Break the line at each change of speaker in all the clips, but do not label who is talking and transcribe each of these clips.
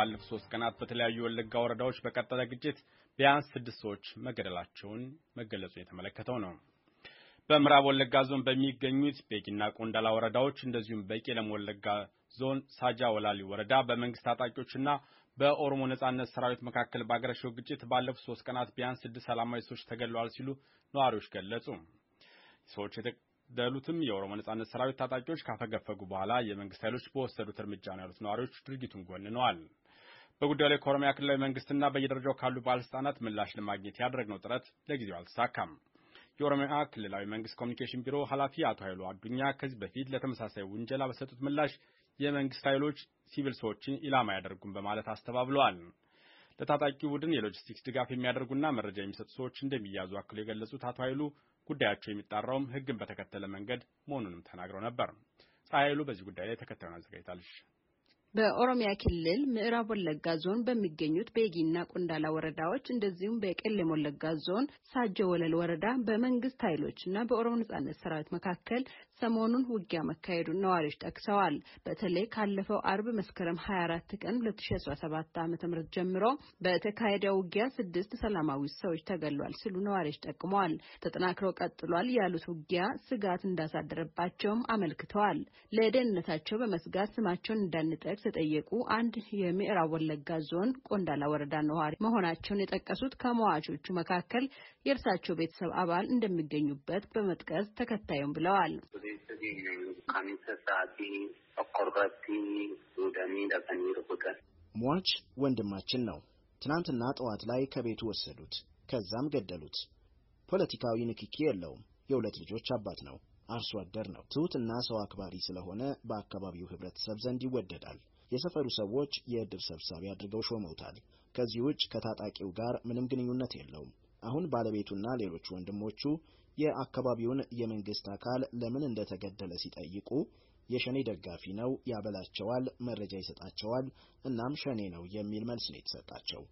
ባለፉት ሶስት ቀናት በተለያዩ ወለጋ ወረዳዎች በቀጠለ ግጭት ቢያንስ ስድስት ሰዎች መገደላቸውን መገለጹ የተመለከተው ነው። በምዕራብ ወለጋ ዞን በሚገኙት ቤጊና ቆንዳላ ወረዳዎች እንደዚሁም በቄለም ወለጋ ዞን ሳጃ ወላሊ ወረዳ በመንግስት ታጣቂዎችና በኦሮሞ ነጻነት ሰራዊት መካከል ባገረሸው ግጭት ባለፉት ሶስት ቀናት ቢያንስ ስድስት ሰላማዊ ሰዎች ተገለዋል ሲሉ ነዋሪዎች ገለጹ። ሰዎች የተገደሉትም የኦሮሞ ነጻነት ሰራዊት ታጣቂዎች ካፈገፈጉ በኋላ የመንግስት ኃይሎች በወሰዱት እርምጃ ነው ያሉት ነዋሪዎች ድርጊቱን ጎንነዋል። በጉዳዩ ላይ ከኦሮሚያ ክልላዊ መንግስትና በየደረጃው ካሉ ባለስልጣናት ምላሽ ለማግኘት ያደረግነው ጥረት ለጊዜው አልተሳካም። የኦሮሚያ ክልላዊ መንግስት ኮሚኒኬሽን ቢሮ ኃላፊ አቶ ኃይሉ አዱኛ ከዚህ በፊት ለተመሳሳይ ውንጀላ በሰጡት ምላሽ የመንግስት ኃይሎች ሲቪል ሰዎችን ኢላማ አያደርጉም በማለት አስተባብለዋል። ለታጣቂ ቡድን የሎጂስቲክስ ድጋፍ የሚያደርጉና መረጃ የሚሰጡ ሰዎች እንደሚያዙ አክሎ የገለጹት አቶ ኃይሉ ጉዳያቸው የሚጣራውም ህግን በተከተለ መንገድ መሆኑንም ተናግረው ነበር። ፀሐይ ኃይሉ በዚህ ጉዳይ ላይ ተከታዩን አዘጋጅታለች።
በኦሮሚያ ክልል ምዕራብ ወለጋ ዞን በሚገኙት ቤጊና ቆንዳላ ወረዳዎች እንደዚሁም በቄለም ወለጋ ዞን ሳጆ ወለል ወረዳ በመንግስት ኃይሎች እና በኦሮሞ ነጻነት ሰራዊት መካከል ሰሞኑን ውጊያ መካሄዱን ነዋሪዎች ጠቅሰዋል። በተለይ ካለፈው አርብ መስከረም 24 ቀን 2017 ዓ ም ጀምሮ በተካሄደው ውጊያ ስድስት ሰላማዊ ሰዎች ተገሏል ሲሉ ነዋሪዎች ጠቅመዋል። ተጠናክረው ቀጥሏል ያሉት ውጊያ ስጋት እንዳሳደረባቸውም አመልክተዋል። ለደህንነታቸው በመስጋት ስማቸውን እንዳንጠቅስ የጠየቁ አንድ የምዕራብ ወለጋ ዞን ቆንዳላ ወረዳ ነዋሪ መሆናቸውን የጠቀሱት ከመዋቾቹ መካከል የእርሳቸው ቤተሰብ አባል እንደሚገኙበት በመጥቀስ ተከታዩም ብለዋል።
ሟች ወንድማችን ነው። ትናንትና ጠዋት ላይ ከቤቱ ወሰዱት፣ ከዛም ገደሉት። ፖለቲካዊ ንክኪ የለውም። የሁለት ልጆች አባት ነው። አርሶ አደር ነው። ትሑትና ሰው አክባሪ ስለሆነ በአካባቢው ህብረተሰብ ዘንድ ይወደዳል። የሰፈሩ ሰዎች የእድር ሰብሳቢ አድርገው ሾመውታል። ከዚህ ውጭ ከታጣቂው ጋር ምንም ግንኙነት የለውም። አሁን ባለቤቱና ሌሎች ወንድሞቹ የአካባቢውን የመንግስት አካል ለምን እንደተገደለ ሲጠይቁ የሸኔ ደጋፊ ነው፣ ያበላቸዋል፣ መረጃ ይሰጣቸዋል፣ እናም ሸኔ ነው የሚል መልስ ነው የተሰጣቸው።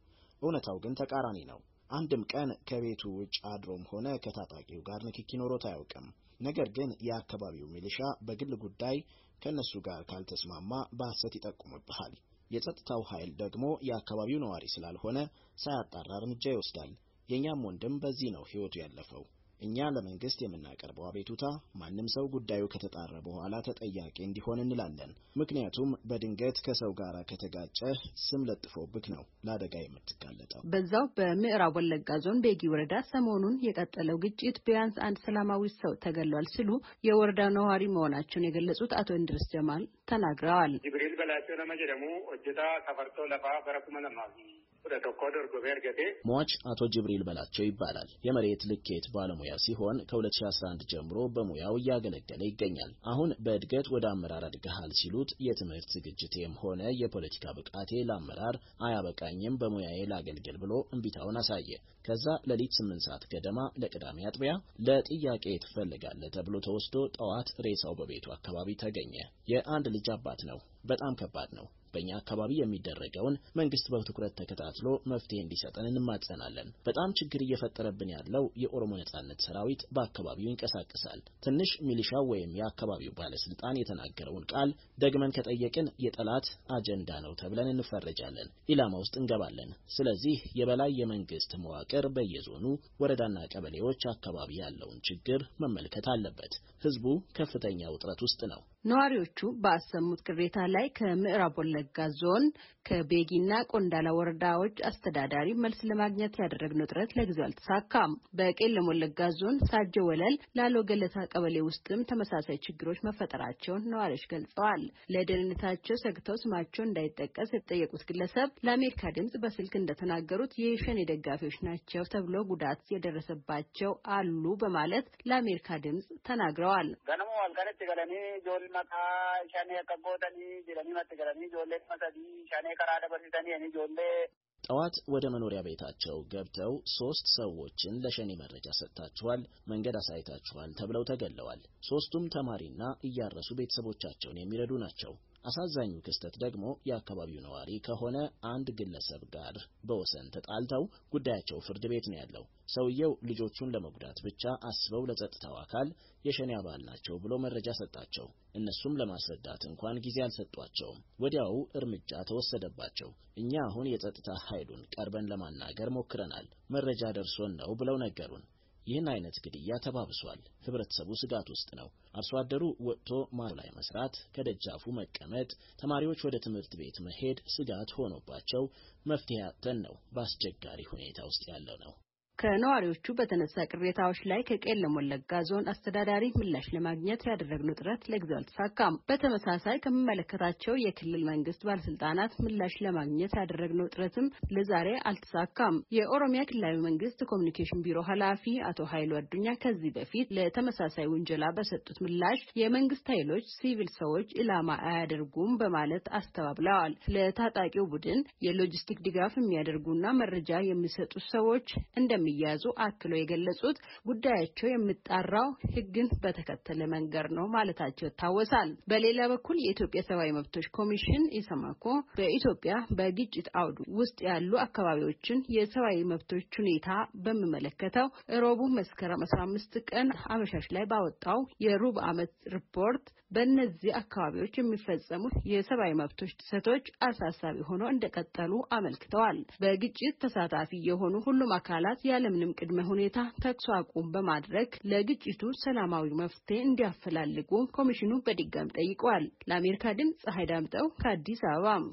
እውነታው ግን ተቃራኒ ነው። አንድም ቀን ከቤቱ ውጭ አድሮም ሆነ ከታጣቂው ጋር ንክኪ ኖሮት አያውቅም። ነገር ግን የአካባቢው ሚሊሻ በግል ጉዳይ ከእነሱ ጋር ካልተስማማ በሐሰት ይጠቁምብሃል። የጸጥታው ኃይል ደግሞ የአካባቢው ነዋሪ ስላልሆነ ሳያጣራ እርምጃ ይወስዳል። የእኛም ወንድም በዚህ ነው ሕይወቱ ያለፈው። እኛ ለመንግሥት የምናቀርበው አቤቱታ ማንም ሰው ጉዳዩ ከተጣረ በኋላ ተጠያቂ እንዲሆን እንላለን። ምክንያቱም በድንገት ከሰው ጋር ከተጋጨ ስም ለጥፎብክ ነው ለአደጋ የምትጋለጠው።
በዛው በምዕራብ ወለጋ ዞን ቤጊ ወረዳ ሰሞኑን የቀጠለው ግጭት ቢያንስ አንድ ሰላማዊ ሰው ተገሏል ሲሉ የወረዳ ነዋሪ መሆናቸውን የገለጹት አቶ እንድርስ ጀማል ተናግረዋል።
ጅብሪል በላቸው ነመጀደሙ እጅታ ተፈርቶ ለፋ በረኩመለማ
ሟች አቶ ጅብሪል በላቸው ይባላል።
የመሬት ልኬት ባለሙያ ሲሆን ከ2011 ጀምሮ በሙያው እያገለገለ ይገኛል። አሁን በእድገት ወደ አመራር አድገሃል ሲሉት የትምህርት ዝግጅቴም ሆነ የፖለቲካ ብቃቴ ለአመራር አያበቃኝም፣ በሙያዬ ላገልግል ብሎ እምቢታውን አሳየ። ከዛ ሌሊት ስምንት ሰዓት ገደማ ለቅዳሜ አጥቢያ ለጥያቄ ትፈልጋለህ ተብሎ ተወስዶ ጠዋት ሬሳው በቤቱ አካባቢ ተገኘ። የአንድ ልጅ አባት ነው። በጣም ከባድ ነው። በእኛ አካባቢ የሚደረገውን መንግስት በትኩረት ተከታትሎ መፍትሄ እንዲሰጠን እንማጸናለን። በጣም ችግር እየፈጠረብን ያለው የኦሮሞ ነጻነት ሰራዊት በአካባቢው ይንቀሳቀሳል። ትንሽ ሚሊሻው ወይም የአካባቢው ባለስልጣን የተናገረውን ቃል ደግመን ከጠየቅን የጠላት አጀንዳ ነው ተብለን እንፈረጃለን፣ ኢላማ ውስጥ እንገባለን። ስለዚህ የበላይ የመንግስት መዋቅር በየዞኑ ወረዳና ቀበሌዎች አካባቢ ያለውን ችግር መመልከት አለበት። ህዝቡ ከፍተኛ ውጥረት ውስጥ ነው።
ነዋሪዎቹ በአሰሙት ቅሬታ ላይ ከምዕራብ ወለጋ ዞን ከቤጊና ቆንዳላ ወረዳዎች አስተዳዳሪ መልስ ለማግኘት ያደረግነው ጥረት ለጊዜው አልተሳካም። በቄለም ወለጋ ዞን ሳጀ ወለል ላሎ ገለታ ቀበሌ ውስጥም ተመሳሳይ ችግሮች መፈጠራቸውን ነዋሪዎች ገልጸዋል። ለደህንነታቸው ሰግተው ስማቸው እንዳይጠቀስ የተጠየቁት ግለሰብ ለአሜሪካ ድምጽ በስልክ እንደተናገሩት የሸኔ ደጋፊዎች ናቸው ተብሎ ጉዳት የደረሰባቸው አሉ በማለት ለአሜሪካ ድምጽ ተናግረዋል።
ተናግረዋል።
ጠዋት ወደ መኖሪያ ቤታቸው ገብተው ሶስት ሰዎችን ለሸኔ መረጃ ሰጥታችኋል፣ መንገድ አሳይታችኋል ተብለው ተገለዋል። ሶስቱም ተማሪና እያረሱ ቤተሰቦቻቸውን የሚረዱ ናቸው። አሳዛኙ ክስተት ደግሞ የአካባቢው ነዋሪ ከሆነ አንድ ግለሰብ ጋር በወሰን ተጣልተው ጉዳያቸው ፍርድ ቤት ነው ያለው። ሰውየው ልጆቹን ለመጉዳት ብቻ አስበው ለጸጥታው አካል የሸኔ አባል ናቸው ብሎ መረጃ ሰጣቸው። እነሱም ለማስረዳት እንኳን ጊዜ አልሰጧቸውም። ወዲያው እርምጃ ተወሰደባቸው። እኛ አሁን የጸጥታ ኃይሉን ቀርበን ለማናገር ሞክረናል፣ መረጃ ደርሶን ነው ብለው ነገሩን። ይህን አይነት ግድያ ተባብሷል። ህብረተሰቡ ስጋት ውስጥ ነው። አርሶ አደሩ ወጥቶ ማሮ ላይ መስራት፣ ከደጃፉ መቀመጥ፣ ተማሪዎች ወደ ትምህርት ቤት መሄድ ስጋት ሆኖባቸው መፍትሄ አጥተን ነው በአስቸጋሪ ሁኔታ ውስጥ ያለው ነው።
ከነዋሪዎቹ በተነሳ ቅሬታዎች ላይ ከቄለም ወለጋ ዞን አስተዳዳሪ ምላሽ ለማግኘት ያደረግነው ጥረት ለጊዜው አልተሳካም። በተመሳሳይ ከሚመለከታቸው የክልል መንግስት ባለስልጣናት ምላሽ ለማግኘት ያደረግነው ጥረትም ለዛሬ አልተሳካም። የኦሮሚያ ክልላዊ መንግስት ኮሚኒኬሽን ቢሮ ኃላፊ አቶ ኃይሉ አዱኛ ከዚህ በፊት ለተመሳሳይ ውንጀላ በሰጡት ምላሽ የመንግስት ኃይሎች ሲቪል ሰዎች ኢላማ አያደርጉም በማለት አስተባብለዋል። ለታጣቂው ቡድን የሎጂስቲክ ድጋፍ የሚያደርጉና መረጃ የሚሰጡ ሰዎች እንደሚ እንደሚያዙ አክለው የገለጹት ጉዳያቸው የሚጣራው ሕግን በተከተለ መንገድ ነው ማለታቸው ይታወሳል። በሌላ በኩል የኢትዮጵያ ሰብአዊ መብቶች ኮሚሽን ኢሰመኮ በኢትዮጵያ በግጭት አውዱ ውስጥ ያሉ አካባቢዎችን የሰብአዊ መብቶች ሁኔታ በሚመለከተው ሮቡ መስከረም 15 ቀን አመሻሽ ላይ ባወጣው የሩብ ዓመት ሪፖርት በእነዚህ አካባቢዎች የሚፈጸሙ የሰብአዊ መብቶች ጥሰቶች አሳሳቢ ሆኖ እንደቀጠሉ አመልክተዋል። በግጭት ተሳታፊ የሆኑ ሁሉም አካላት ያለምንም ቅድመ ሁኔታ ተኩስ አቁም በማድረግ ለግጭቱ ሰላማዊ መፍትሄ እንዲያፈላልጉ ኮሚሽኑ በድጋሚ ጠይቋል። ለአሜሪካ ድምፅ ፀሐይ ዳምጠው ከአዲስ አበባ